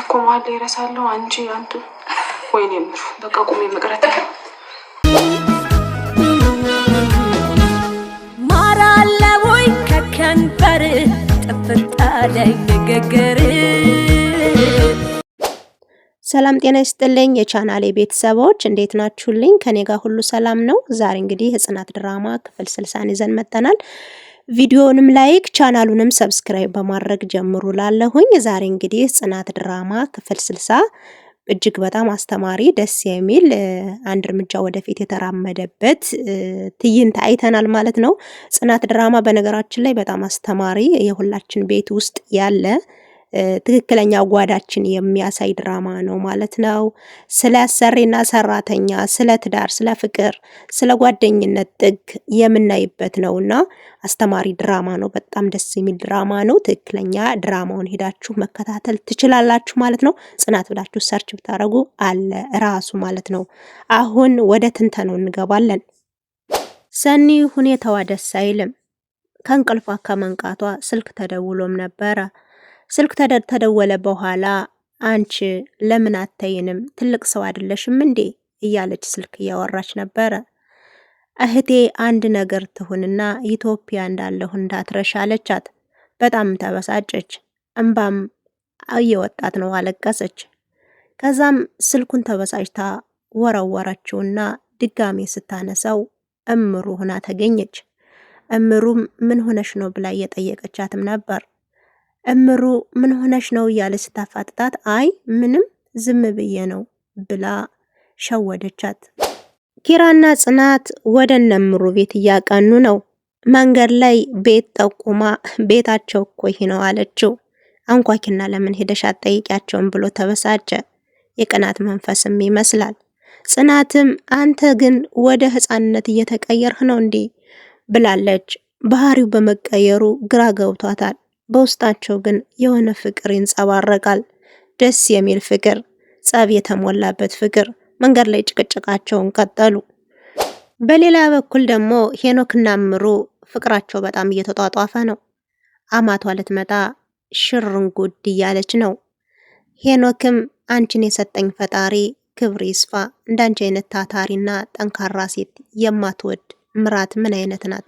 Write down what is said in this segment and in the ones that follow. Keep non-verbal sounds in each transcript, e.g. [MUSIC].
እኮ መሀል ላይ እረሳለሁ። አንቺ አንቱ ወይኔ ምሩ በቃ ቁሜ መቅረት ሰላም ጤና ይስጥልኝ የቻናሌ ቤተሰቦች እንዴት ናችሁልኝ? ከኔ ጋር ሁሉ ሰላም ነው። ዛሬ እንግዲህ ህጽናት ድራማ ክፍል ስልሳን ይዘን መጠናል። ቪዲዮንም ላይክ ቻናሉንም ሰብስክራይብ በማድረግ ጀምሩ ላለሁኝ። ዛሬ እንግዲህ ጽናት ድራማ ክፍል ስልሳ እጅግ በጣም አስተማሪ ደስ የሚል አንድ እርምጃ ወደፊት የተራመደበት ትዕይንት አይተናል ማለት ነው። ጽናት ድራማ በነገራችን ላይ በጣም አስተማሪ የሁላችን ቤት ውስጥ ያለ ትክክለኛ ጓዳችን የሚያሳይ ድራማ ነው ማለት ነው። ስለ ሰሪና ሰራተኛ፣ ስለ ትዳር፣ ስለ ፍቅር፣ ስለ ጓደኝነት ጥግ የምናይበት ነው እና አስተማሪ ድራማ ነው። በጣም ደስ የሚል ድራማ ነው። ትክክለኛ ድራማውን ሄዳችሁ መከታተል ትችላላችሁ ማለት ነው። ጽናት ብላችሁ ሰርች ብታደረጉ አለ ራሱ ማለት ነው። አሁን ወደ ትንተኑ እንገባለን። ሰኒ ሁኔታዋ ደስ አይልም። ከእንቅልፏ ከመንቃቷ ስልክ ተደውሎም ነበረ። ስልክ ተደወለ በኋላ አንቺ ለምን አተይንም ትልቅ ሰው አይደለሽም እንዴ? እያለች ስልክ እያወራች ነበረ። እህቴ አንድ ነገር ትሁንና ኢትዮጵያ እንዳለሁ እንዳትረሽ አለቻት። በጣም ተበሳጨች። እምባም እየወጣት ነው አለቀሰች። ከዛም ስልኩን ተበሳጭታ ወረወረችውና ድጋሜ ስታነሳው እምሩ ሁና ተገኘች። እምሩም ምን ሆነሽ ነው ብላ እየጠየቀቻትም ነበር። እምሩ ምን ሆነሽ ነው እያለ ስታፋጥጣት አይ ምንም ዝም ብዬ ነው ብላ ሸወደቻት። ኪራና ጽናት ወደ እነምሩ ቤት እያቀኑ ነው። መንገድ ላይ ቤት ጠቁማ ቤታቸው እኮ ይህ ነው አለችው። አንኳኪና ለምን ሄደሽ አጠይቂያቸውን ብሎ ተበሳጨ። የቅናት መንፈስም ይመስላል። ጽናትም አንተ ግን ወደ ህፃንነት እየተቀየርህ ነው እንዴ ብላለች። ባህሪው በመቀየሩ ግራ ገብቷታል። በውስጣቸው ግን የሆነ ፍቅር ይንጸባረቃል። ደስ የሚል ፍቅር፣ ጸብ የተሞላበት ፍቅር። መንገድ ላይ ጭቅጭቃቸውን ቀጠሉ። በሌላ በኩል ደግሞ ሄኖክና እምሩ ፍቅራቸው በጣም እየተጧጧፈ ነው። አማቷ ልትመጣ ጉድ እያለች ነው። ሄኖክም አንቺን የሰጠኝ ፈጣሪ ክብር ይስፋ፣ እንዳንቺ አይነት ታታሪና ጠንካራ ሴት የማትወድ ምራት ምን አይነት ናት?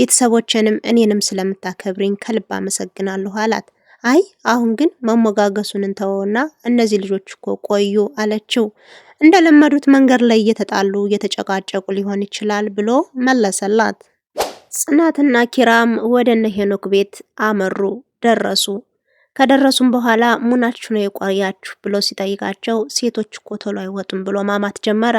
ቤተሰቦችንም እኔንም ስለምታከብሪኝ ከልብ አመሰግናለሁ አላት። አይ አሁን ግን መሞጋገሱን እንተወውና እነዚህ ልጆች እኮ ቆዩ አለችው። እንደለመዱት መንገድ ላይ እየተጣሉ እየተጨቃጨቁ ሊሆን ይችላል ብሎ መለሰላት። ጽናትና ኪራም ወደ እነ ሄኖክ ቤት አመሩ። ደረሱ። ከደረሱም በኋላ ሙናችሁ ነው የቆያችሁ ብሎ ሲጠይቃቸው ሴቶች እኮ ቶሎ አይወጡም ብሎ ማማት ጀመረ።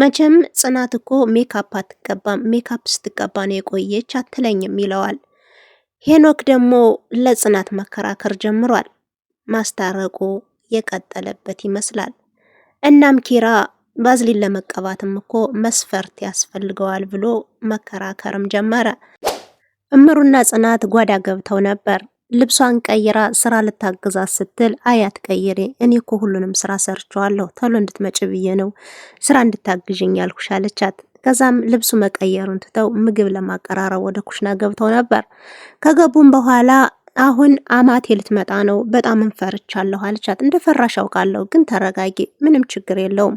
መቼም ጽናት እኮ ሜካፕ አትቀባም፣ ሜካፕ ስትቀባ ነው የቆየች አትለኝም ይለዋል። ሄኖክ ደግሞ ለጽናት መከራከር ጀምሯል። ማስታረቁ የቀጠለበት ይመስላል። እናም ኪራ ባዝሊን ለመቀባትም እኮ መስፈርት ያስፈልገዋል ብሎ መከራከርም ጀመረ። እምሩና ጽናት ጓዳ ገብተው ነበር። ልብሷን ቀይራ ስራ ልታግዛት ስትል አያት ቀይሬ እኔ እኮ ሁሉንም ስራ ሰርቸዋለሁ ተሎ እንድትመጭ ብዬ ነው ስራ እንድታግዥኝ ያልኩሽ አለቻት። ከዛም ልብሱ መቀየሩን ትተው ምግብ ለማቀራረብ ወደ ኩሽና ገብተው ነበር። ከገቡም በኋላ አሁን አማቴ ልትመጣ ነው፣ በጣም እንፈርቻለሁ አለቻት። እንደ ፈራሽ አውቃለሁ፣ ግን ተረጋጊ፣ ምንም ችግር የለውም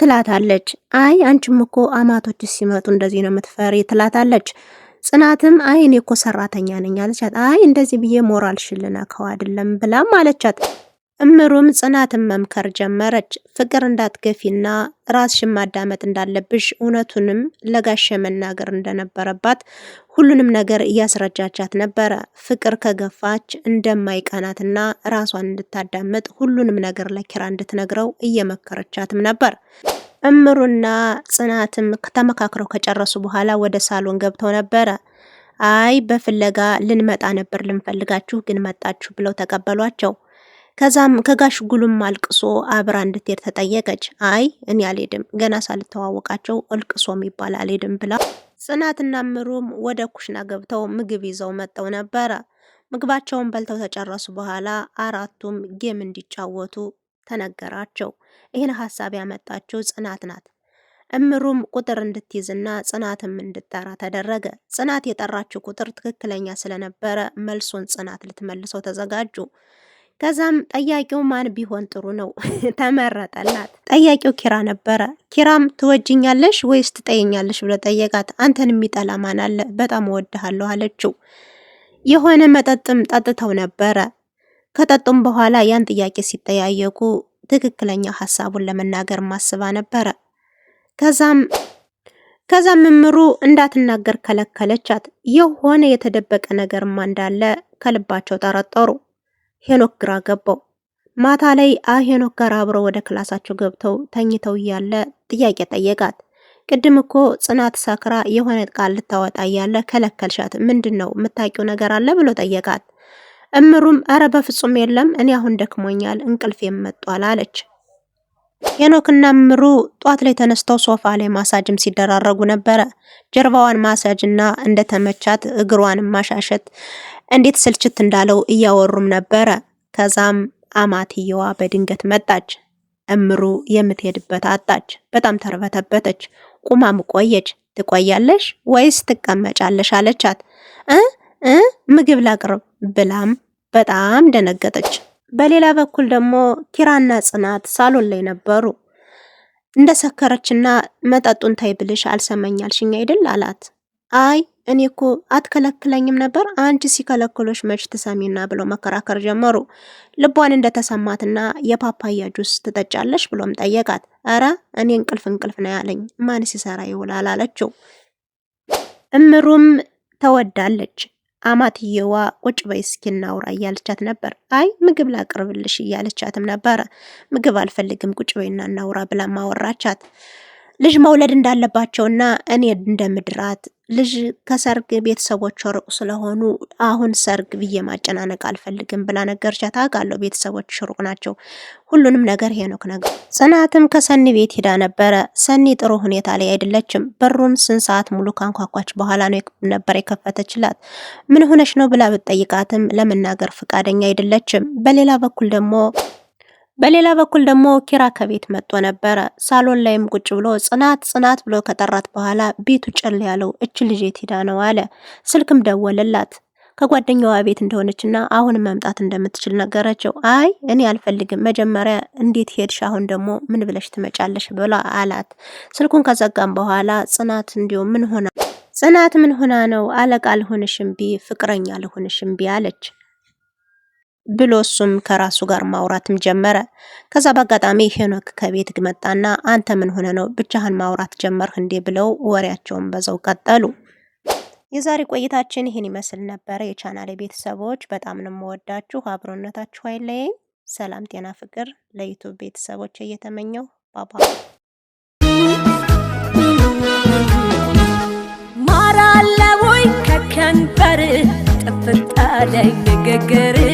ትላታለች። አይ አንቺም እኮ አማቶች ሲመጡ እንደዚህ ነው የምትፈሪ ትላታለች። ጽናትም አይ እኔ እኮ ሰራተኛ ነኝ አለቻት። አይ እንደዚህ ብዬ ሞራል ሽልነካው አይደለም ብላም አለቻት። እምሩም ጽናትን መምከር ጀመረች። ፍቅር እንዳትገፊና ራስሽን ማዳመጥ እንዳለብሽ እውነቱንም ለጋሸ መናገር እንደነበረባት ሁሉንም ነገር እያስረጃቻት ነበረ። ፍቅር ከገፋች እንደማይቀናትና ራሷን እንድታዳምጥ ሁሉንም ነገር ለኪራ እንድትነግረው እየመከረቻትም ነበር። እምሩና ጽናትም ተመካክረው ከጨረሱ በኋላ ወደ ሳሎን ገብተው ነበረ። አይ በፍለጋ ልንመጣ ነበር ልንፈልጋችሁ፣ ግን መጣችሁ ብለው ተቀበሏቸው። ከዛም ከጋሽ ጉሉም አልቅሶ አብራ እንድትሄድ ተጠየቀች። አይ እኔ አልሄድም፣ ገና ሳልተዋወቃቸው እልቅሶ የሚባል አልሄድም ብላ ጽናትና ምሩም ወደ ኩሽና ገብተው ምግብ ይዘው መጠው ነበረ። ምግባቸውን በልተው ተጨረሱ በኋላ አራቱም ጌም እንዲጫወቱ ተነገራቸው። ይህን ሀሳብ ያመጣችው ጽናት ናት። እምሩም ቁጥር እንድትይዝና ጽናትም እንድጠራ ተደረገ። ጽናት የጠራችው ቁጥር ትክክለኛ ስለነበረ መልሱን ጽናት ልትመልሰው ተዘጋጁ። ከዛም ጠያቂው ማን ቢሆን ጥሩ ነው [LAUGHS] ተመረጠላት። ጠያቂው ኪራ ነበረ። ኪራም ትወጅኛለሽ ወይስ ትጠየኛለሽ ብሎ ጠየቃት። አንተን የሚጠላ ማን አለ? በጣም እወድሃለሁ አለችው። የሆነ መጠጥም ጠጥተው ነበረ። ከጠጡም በኋላ ያን ጥያቄ ሲጠያየቁ ትክክለኛ ሀሳቡን ለመናገር ማስባ ነበረ። ከዛም ከዛም ምምሩ እንዳትናገር ከለከለቻት። የሆነ የተደበቀ ነገርማ እንዳለ ከልባቸው ጠረጠሩ። ሄኖክ ግራ ገባው። ማታ ላይ አሄኖክ ጋር አብረው ወደ ክላሳቸው ገብተው ተኝተው እያለ ጥያቄ ጠየቃት። ቅድም እኮ ጽናት ሰክራ የሆነ ቃል ልታወጣ እያለ ከለከልሻት፣ ምንድን ነው የምታውቂው ነገር አለ ብሎ ጠየቃት። እምሩም ኧረ በፍጹም የለም እኔ አሁን ደክሞኛል እንቅልፌም መጧል አለች። ሄኖክና እምሩ ጧት ላይ ተነስተው ሶፋ ላይ ማሳጅም ሲደራረጉ ነበረ። ጀርባዋን ማሳጅና እንደተመቻት እግሯን ማሻሸት እንዴት ስልችት እንዳለው እያወሩም ነበረ። ከዛም አማትየዋ በድንገት መጣች። እምሩ የምትሄድበት አጣች። በጣም ተርበተበተች። ቁማም ቆየች። ትቆያለሽ ወይስ ትቀመጫለሽ አለቻት እ እ ምግብ ላቅርብ ብላም በጣም ደነገጠች። በሌላ በኩል ደግሞ ኪራና ጽናት ሳሎን ላይ ነበሩ። እንደሰከረችና መጠጡን ታይ ብልሽ አልሽኝ አይደል አላት። አይ እኔ እኮ አትከለክለኝም ነበር አንቺ ሲከለክሎሽ መች ትሰሚና ብለው መከራከር ጀመሩ። ልቧን እንደተሰማትና የፓፓያ ጁስ ትጠጫለሽ ብሎም ጠየቃት። ኧረ እኔ እንቅልፍ እንቅልፍ ነው ያለኝ ማን ሲሰራ ይውላል አለችው። እምሩም ተወዳለች አማትየዋ ቁጭ በይ እስኪ እናውራ እያለቻት ነበር። አይ ምግብ ላቅርብልሽ እያለቻትም ነበረ። ምግብ አልፈልግም ቁጭ በይና እናውራ ብላ ማወራቻት። ልጅ መውለድ እንዳለባቸውና እኔ እንደምድራት ልጅ ከሰርግ ቤተሰቦቿ ሩቅ ስለሆኑ አሁን ሰርግ ብዬ ማጨናነቅ አልፈልግም ብላ ነገርቻት። አውቃለሁ ቤተሰቦች ሩቅ ናቸው፣ ሁሉንም ነገር ሄኖክ ነገር። ጽናትም ከሰኒ ቤት ሄዳ ነበረ። ሰኒ ጥሩ ሁኔታ ላይ አይደለችም። በሩን ስንት ሰዓት ሙሉ ካንኳኳች በኋላ ነው ነበር የከፈተችላት። ምን ሆነች ነው ብላ ብትጠይቃትም ለመናገር ፈቃደኛ አይደለችም። በሌላ በኩል ደግሞ በሌላ በኩል ደግሞ ኪራ ከቤት መጥቶ ነበረ። ሳሎን ላይም ቁጭ ብሎ ጽናት ጽናት ብሎ ከጠራት በኋላ ቤቱ ጭል ያለው እች ልጅ የት ሄዳ ነው አለ። ስልክም ደወለላት። ከጓደኛዋ ቤት እንደሆነችና አሁን መምጣት እንደምትችል ነገረችው። አይ እኔ አልፈልግም፣ መጀመሪያ እንዴት ሄድሽ? አሁን ደግሞ ምን ብለሽ ትመጫለሽ? ብሎ አላት። ስልኩን ከዘጋም በኋላ ጽናት እንዲሁም ምን ሆና ጽናት ምን ሆና ነው አለቃ ልሆንሽ ቢ ፍቅረኛ ልሆንሽ ቢ አለች። ብሎ እሱም ከራሱ ጋር ማውራትም ጀመረ። ከዛ በአጋጣሚ ሄኖክ ከቤት መጣና አንተ ምን ሆነ ነው ብቻህን ማውራት ጀመርህ እንዴ? ብለው ወሬያቸውን በዛው ቀጠሉ። የዛሬ ቆይታችን ይህን ይመስል ነበረ። የቻናል ቤተሰቦች በጣም ነው የምወዳችሁ። አብሮነታችሁ አይለየኝ። ሰላም፣ ጤና፣ ፍቅር ለዩቱብ ቤተሰቦች እየተመኘው ባባ ማራለቦይ ከከንበር ጥፍጣ ላይ ንግግር